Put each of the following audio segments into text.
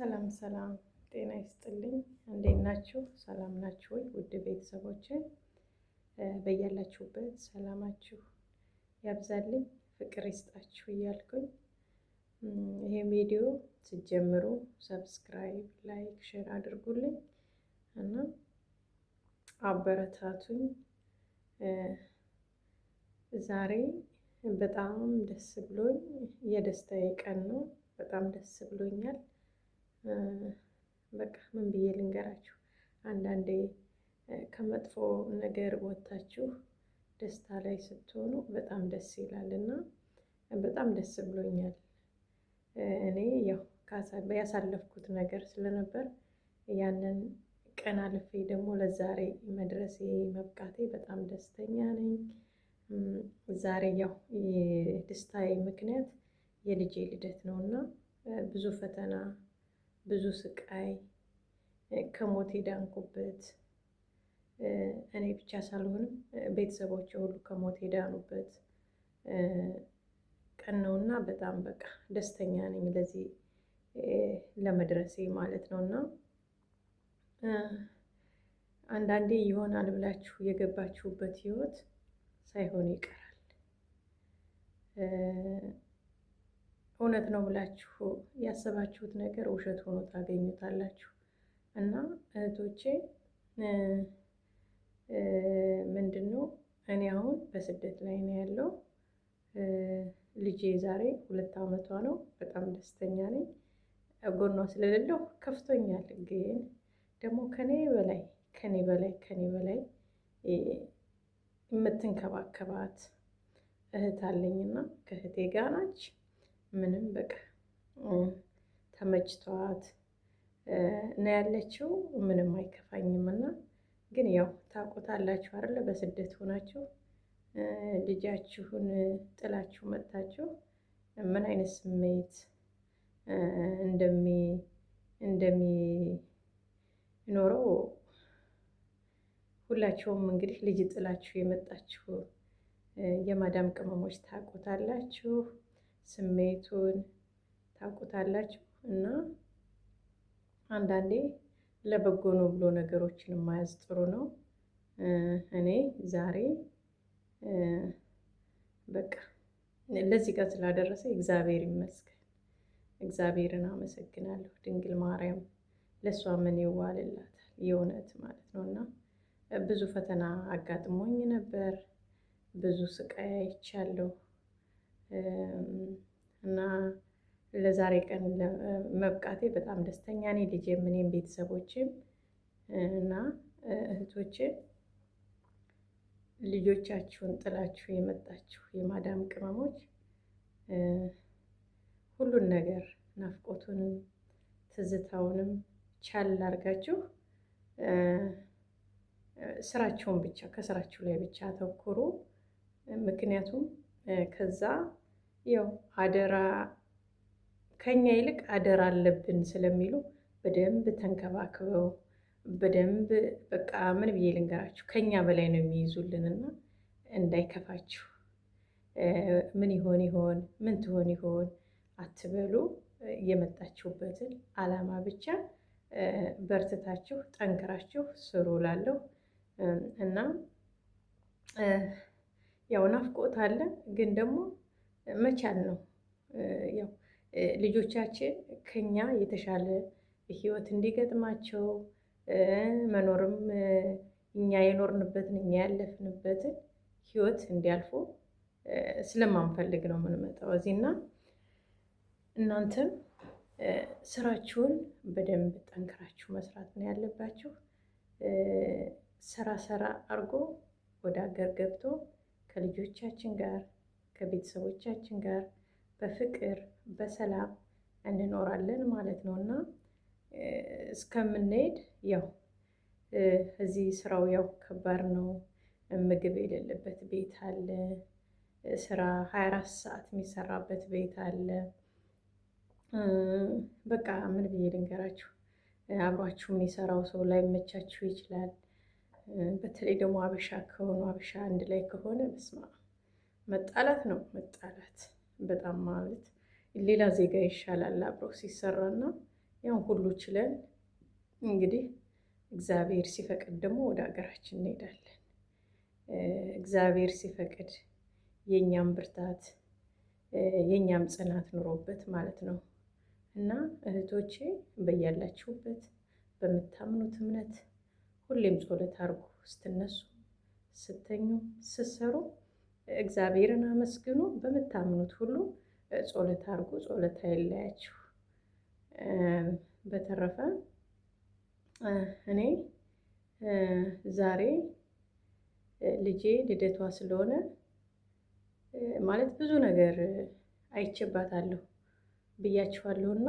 ሰላም ሰላም፣ ጤና ይስጥልኝ። እንዴት ናችሁ? ሰላም ናችሁ ወይ? ውድ ቤተሰቦች በያላችሁበት ሰላማችሁ ያብዛልኝ፣ ፍቅር ይስጣችሁ እያልኩኝ ይሄን ቪዲዮ ስትጀምሩ ሰብስክራይብ፣ ላይክ፣ ሼር አድርጉልኝ እና አበረታቱኝ። ዛሬ በጣም ደስ ብሎኝ የደስታዬ ቀን ነው። በጣም ደስ ብሎኛል። በቃ ምን ብዬ ልንገራችሁ፣ አንዳንዴ ከመጥፎ ነገር ወጥታችሁ ደስታ ላይ ስትሆኑ በጣም ደስ ይላል እና በጣም ደስ ብሎኛል። እኔ ያው ያሳለፍኩት ነገር ስለነበር ያንን ቀን አልፌ ደግሞ ለዛሬ መድረሴ መብቃቴ በጣም ደስተኛ ነኝ። ዛሬ ያው የደስታዬ ምክንያት የልጄ ልደት ነው እና ብዙ ፈተና ብዙ ስቃይ ከሞት የዳንኩበት እኔ ብቻ ሳልሆንም ቤተሰቦች ሁሉ ከሞት የዳኑበት ቀን ነው እና በጣም በቃ ደስተኛ ነኝ ለዚህ ለመድረሴ ማለት ነው እና አንዳንዴ ይሆናል ብላችሁ የገባችሁበት ህይወት ሳይሆን ይቀራል። እውነት ነው ብላችሁ ያሰባችሁት ነገር ውሸት ሆኖ ታገኙታላችሁ። እና እህቶቼ ምንድን ነው እኔ አሁን በስደት ላይ ነው ያለው። ልጄ ዛሬ ሁለት ዓመቷ ነው። በጣም ደስተኛ ነኝ። ጎኗ ስለሌለው ከፍቶኛል። ግን ደግሞ ከኔ በላይ ከኔ በላይ ከኔ በላይ የምትንከባከባት እህት አለኝና ከእህቴ ጋር ናች። ምንም በቃ ተመችቷት ነው ያለችው። ምንም አይከፋኝም እና ግን ያው ታውቁታላችሁ አይደለ? በስደት ሆናችሁ ልጃችሁን ጥላችሁ መጥታችሁ ምን አይነት ስሜት እንደሚኖረው ሁላችሁም እንግዲህ ልጅ ጥላችሁ የመጣችሁ የማዳም ቅመሞች ታውቁታላችሁ። ስሜቱን ታውቁታላችሁ። እና አንዳንዴ ለበጎ ነው ብሎ ነገሮችን የማያዝ ጥሩ ነው። እኔ ዛሬ በቃ ለዚህ ቀን ስላደረሰ እግዚአብሔር ይመስገን። እግዚአብሔርን አመሰግናለሁ። ድንግል ማርያም ለእሷ ምን ይዋልላታል? የእውነት ማለት ነው እና ብዙ ፈተና አጋጥሞኝ ነበር። ብዙ ስቃይ አይቻለሁ። እና ለዛሬ ቀን መብቃቴ በጣም ደስተኛ ነኝ። ልጄም እኔም ቤተሰቦችም እና እህቶቼ ልጆቻችሁን ጥላችሁ የመጣችሁ የማዳም ቅመሞች ሁሉን ነገር ናፍቆቱንም ትዝታውንም ቻል አድርጋችሁ ስራችሁን ብቻ ከስራችሁ ላይ ብቻ አተኩሩ። ምክንያቱም ከዛ ያው አደራ ከኛ ይልቅ አደራ አለብን ስለሚሉ በደንብ ተንከባክበው በደንብ በቃ ምን ብዬ ልንገራችሁ፣ ከኛ በላይ ነው የሚይዙልንና እንዳይከፋችሁ። ምን ይሆን ይሆን ምን ትሆን ይሆን አትበሉ። የመጣችሁበትን አላማ ብቻ በርትታችሁ ጠንክራችሁ ስሩ ላለሁ እና ያው ናፍቆት አለ ግን ደግሞ መቻል ነው። ያው ልጆቻችን ከኛ የተሻለ ህይወት እንዲገጥማቸው መኖርም እኛ የኖርንበትን እኛ ያለፍንበትን ህይወት እንዲያልፉ ስለማንፈልግ ነው የምንመጣው እዚህና እናንተም ስራችሁን በደንብ ጠንክራችሁ መስራት ነው ያለባችሁ። ሰራ ሰራ አድርጎ ወደ ሀገር ገብቶ ከልጆቻችን ጋር ከቤተሰቦቻችን ጋር በፍቅር በሰላም እንኖራለን ማለት ነው እና እስከምንሄድ ያው እዚህ ስራው ያው ከባድ ነው። ምግብ የሌለበት ቤት አለ። ስራ 24 ሰዓት የሚሰራበት ቤት አለ። በቃ ምን ብዬ ልንገራችሁ፣ አብሯችሁ የሚሰራው ሰው ላይ መቻችሁ ይችላል። በተለይ ደግሞ አበሻ ከሆኑ አበሻ አንድ ላይ ከሆነ በስማ መጣላት ነው መጣላት። በጣም ማለት ሌላ ዜጋ ይሻላል አብሮ ና ያን ሁሉ ችለን እንግዲህ እግዚአብሔር ሲፈቅድ ደግሞ ወደ ሀገራችን እንሄዳለን። እግዚአብሔር ሲፈቅድ የእኛም ብርታት የእኛም ጽናት ኑሮበት ማለት ነው። እና እህቶቼ በያላችሁበት በምታምኑት እምነት ሁሌም ጸሎት አድርጉ። ስትነሱ፣ ስተኙ፣ ስትሰሩ እግዚአብሔርን አመስግኑ። በምታምኑት ሁሉ ጸሎት አድርጉ። ጸሎት አይለያችሁ። በተረፈ እኔ ዛሬ ልጄ ልደቷ ስለሆነ ማለት ብዙ ነገር አይቼባታለሁ ብያችኋለሁ እና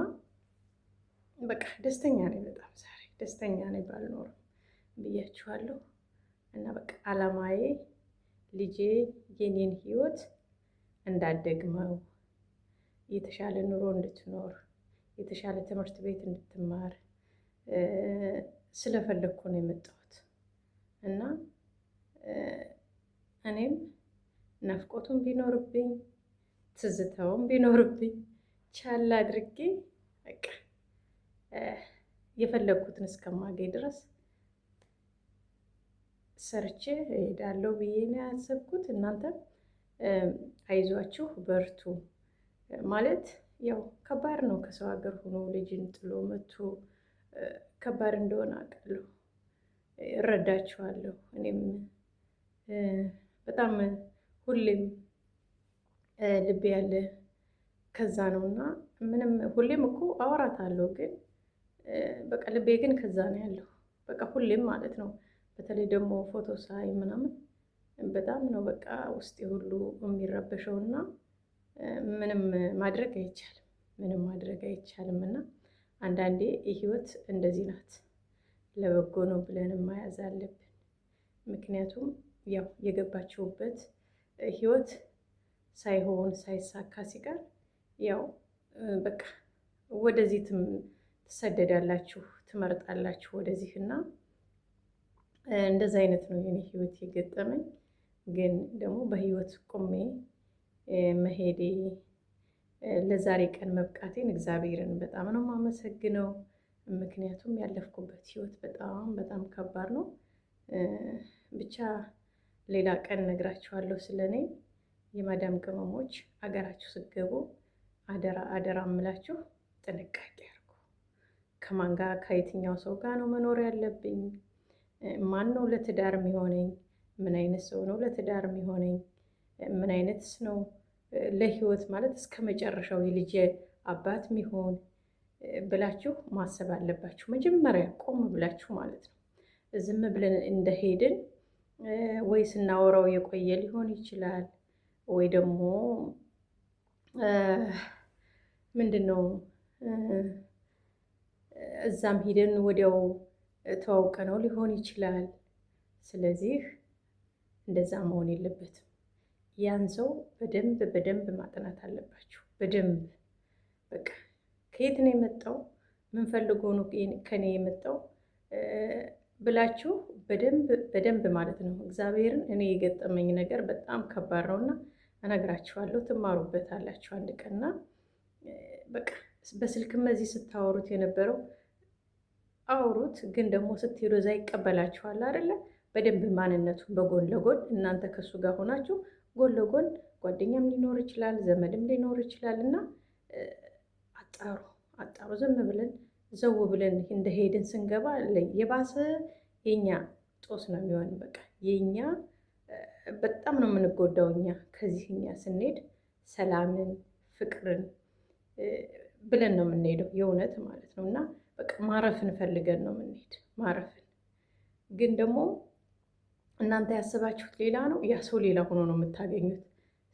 በቃ ደስተኛ ነኝ። በጣም ዛሬ ደስተኛ ነኝ ባልኖርም ብያችኋለሁ እና በቃ አላማዬ ልጄ የኔን ህይወት እንዳደግመው የተሻለ ኑሮ እንድትኖር የተሻለ ትምህርት ቤት እንድትማር ስለፈለግኩ ነው የመጣሁት እና እኔም ናፍቆቱም ቢኖርብኝ ትዝታውም ቢኖርብኝ ቻላ አድርጌ በቃ የፈለግኩትን እስከማገኝ ድረስ ሰርቼ እሄዳለሁ ብዬ ነው ያሰብኩት። እናንተም አይዟችሁ በርቱ። ማለት ያው ከባድ ነው ከሰው ሀገር ሆኖ ልጅን ጥሎ መቶ ከባድ እንደሆነ አውቃለሁ፣ እረዳችኋለሁ። እኔም በጣም ሁሌም ልቤ ያለ ከዛ ነው እና ምንም ሁሌም እኮ አወራታለሁ፣ ግን በቃ ልቤ ግን ከዛ ነው ያለው። በቃ ሁሌም ማለት ነው በተለይ ደግሞ ፎቶ ሳይ ምናምን በጣም ነው በቃ ውስጤ ሁሉ የሚረበሸው እና ምንም ማድረግ አይቻልም፣ ምንም ማድረግ አይቻልም። እና አንዳንዴ ህይወት እንደዚህ ናት። ለበጎ ነው ብለን መያዝ አለብን። ምክንያቱም ያው የገባችሁበት ህይወት ሳይሆን ሳይሳካ ሲቀር ያው በቃ ወደዚህ ትሰደዳላችሁ፣ ትመርጣላችሁ ወደዚህ እና እንደዚህ አይነት ነው የኔ ህይወት የገጠመኝ። ግን ደግሞ በህይወት ቆሜ መሄዴ ለዛሬ ቀን መብቃቴን እግዚአብሔርን በጣም ነው የማመሰግነው። ምክንያቱም ያለፍኩበት ህይወት በጣም በጣም ከባድ ነው። ብቻ ሌላ ቀን ነግራችኋለሁ ስለኔ። የማዳም ቅመሞች አገራችሁ ስገቡ አደራ አደራ እምላችሁ ጥንቃቄ አድርጉ። ከማን ጋር ከየትኛው ሰው ጋር ነው መኖር ያለብኝ ማን ነው ለትዳር የሚሆነኝ? ምን አይነት ሰው ነው ለትዳር የሚሆነኝ? ምን አይነትስ ነው ለህይወት ማለት እስከ መጨረሻው የልጅ አባት የሚሆን ብላችሁ ማሰብ አለባችሁ። መጀመሪያ ቆም ብላችሁ ማለት ነው። ዝም ብለን እንደሄድን ወይ ስናወራው የቆየ ሊሆን ይችላል ወይ ደግሞ ምንድን ነው እዛም ሂደን ወዲያው ተዋውቀ ነው ሊሆን ይችላል። ስለዚህ እንደዛ መሆን የለበትም። ያን ሰው በደንብ በደንብ ማጥናት አለባችሁ። በደንብ በቃ ከየት ነው የመጣው? ምን ፈልጎ ነው ከኔ የመጣው ብላችሁ በደንብ በደንብ ማለት ነው። እግዚአብሔርን እኔ የገጠመኝ ነገር በጣም ከባድ እና እነግራችኋለሁ። ትማሩበት አላችሁ አንድ ቀንና በቃ በስልክም እዚህ ስታወሩት የነበረው አውሩት፣ ግን ደግሞ ስትሄዱ እዛ ይቀበላችኋል አይደለ? በደንብ ማንነቱን በጎን ለጎን እናንተ ከሱ ጋር ሆናችሁ ጎን ለጎን ጓደኛም ሊኖር ይችላል፣ ዘመድም ሊኖር ይችላል እና አጣሩ አጣሩ። ዝም ብለን ዘው ብለን እንደሄድን ስንገባ የባሰ የኛ ጦስ ነው የሚሆን። በቃ የኛ በጣም ነው የምንጎዳው እኛ ከዚህ እኛ ስንሄድ ሰላምን ፍቅርን ብለን ነው የምንሄደው የእውነት ማለት ነው እና በቃ ማረፍን ፈልገን ነው የምንሄድ። ማረፍን ግን ደግሞ እናንተ ያስባችሁት ሌላ ነው፣ ያ ሰው ሌላ ሆኖ ነው የምታገኙት።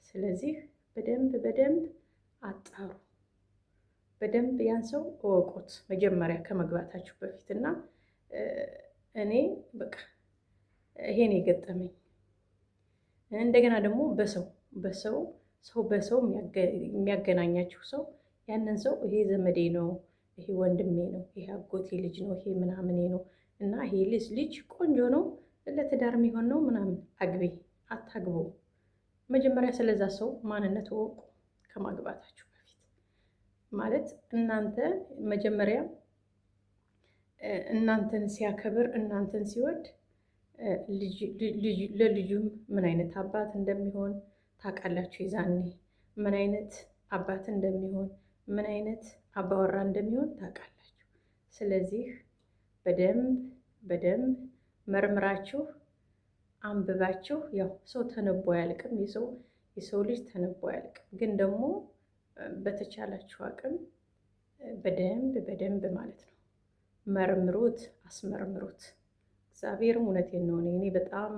ስለዚህ በደንብ በደንብ አጣሩ፣ በደንብ ያን ሰው እወቁት መጀመሪያ ከመግባታችሁ በፊት እና እኔ በቃ ይሄን የገጠመኝ እንደገና ደግሞ በሰው በሰው ሰው በሰው የሚያገናኛችሁ ሰው ያንን ሰው ይሄ ዘመዴ ነው ይሄ ወንድሜ ነው፣ ይሄ አጎቴ ልጅ ነው፣ ይሄ ምናምኔ ነው እና ይሄ ልጅ ልጅ ቆንጆ ነው፣ ለትዳር የሚሆን ነው ምናምን። አግቤ አታግቦ መጀመሪያ ስለዛ ሰው ማንነት ወቁ ከማግባታችሁ በፊት ማለት እናንተ መጀመሪያ እናንተን ሲያከብር እናንተን ሲወድ ለልጁም ምን አይነት አባት እንደሚሆን ታውቃላችሁ። ይዛኔ ምን አይነት አባት እንደሚሆን ምን አይነት አባወራ እንደሚሆን ታውቃላችሁ። ስለዚህ በደንብ በደንብ መርምራችሁ አንብባችሁ ያው ሰው ተነቦ አያልቅም። የሰው የሰው ልጅ ተነቦ አያልቅም። ግን ደግሞ በተቻላችሁ አቅም በደንብ በደንብ ማለት ነው መርምሩት፣ አስመርምሩት። እግዚአብሔርም እውነቴን ነው። እኔ በጣም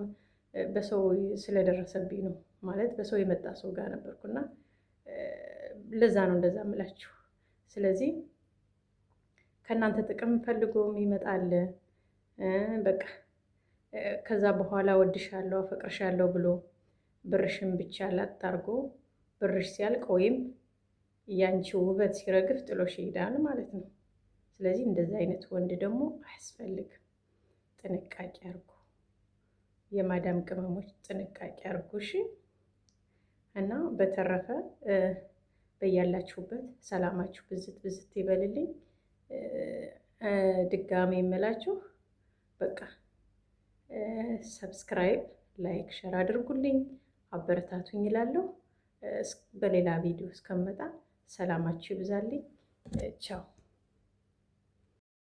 በሰው ስለደረሰብኝ ነው ማለት በሰው የመጣ ሰው ጋር ነበርኩና ለዛ ነው እንደዛ ምላችሁ ስለዚህ ከእናንተ ጥቅም ፈልጎም ይመጣል። በቃ ከዛ በኋላ ወድሻለሁ፣ አፈቅርሻለሁ ብሎ ብርሽን ብቻ ላታርጎ ብርሽ ሲያልቅ ወይም ያንቺ ውበት ሲረግፍ ጥሎሽ ይሄዳል ማለት ነው። ስለዚህ እንደዚህ አይነት ወንድ ደግሞ አያስፈልግ። ጥንቃቄ አርጉ፣ የማዳም ቅመሞች ጥንቃቄ አርጉ እና በተረፈ በያላችሁበት ሰላማችሁ ብዝት ብዝት ይበልልኝ። ድጋሜ የምላችሁ በቃ ሰብስክራይብ፣ ላይክ፣ ሸር አድርጉልኝ፣ አበረታቱኝ ይላለሁ። በሌላ ቪዲዮ እስከመጣ ሰላማችሁ ይብዛልኝ። ቻው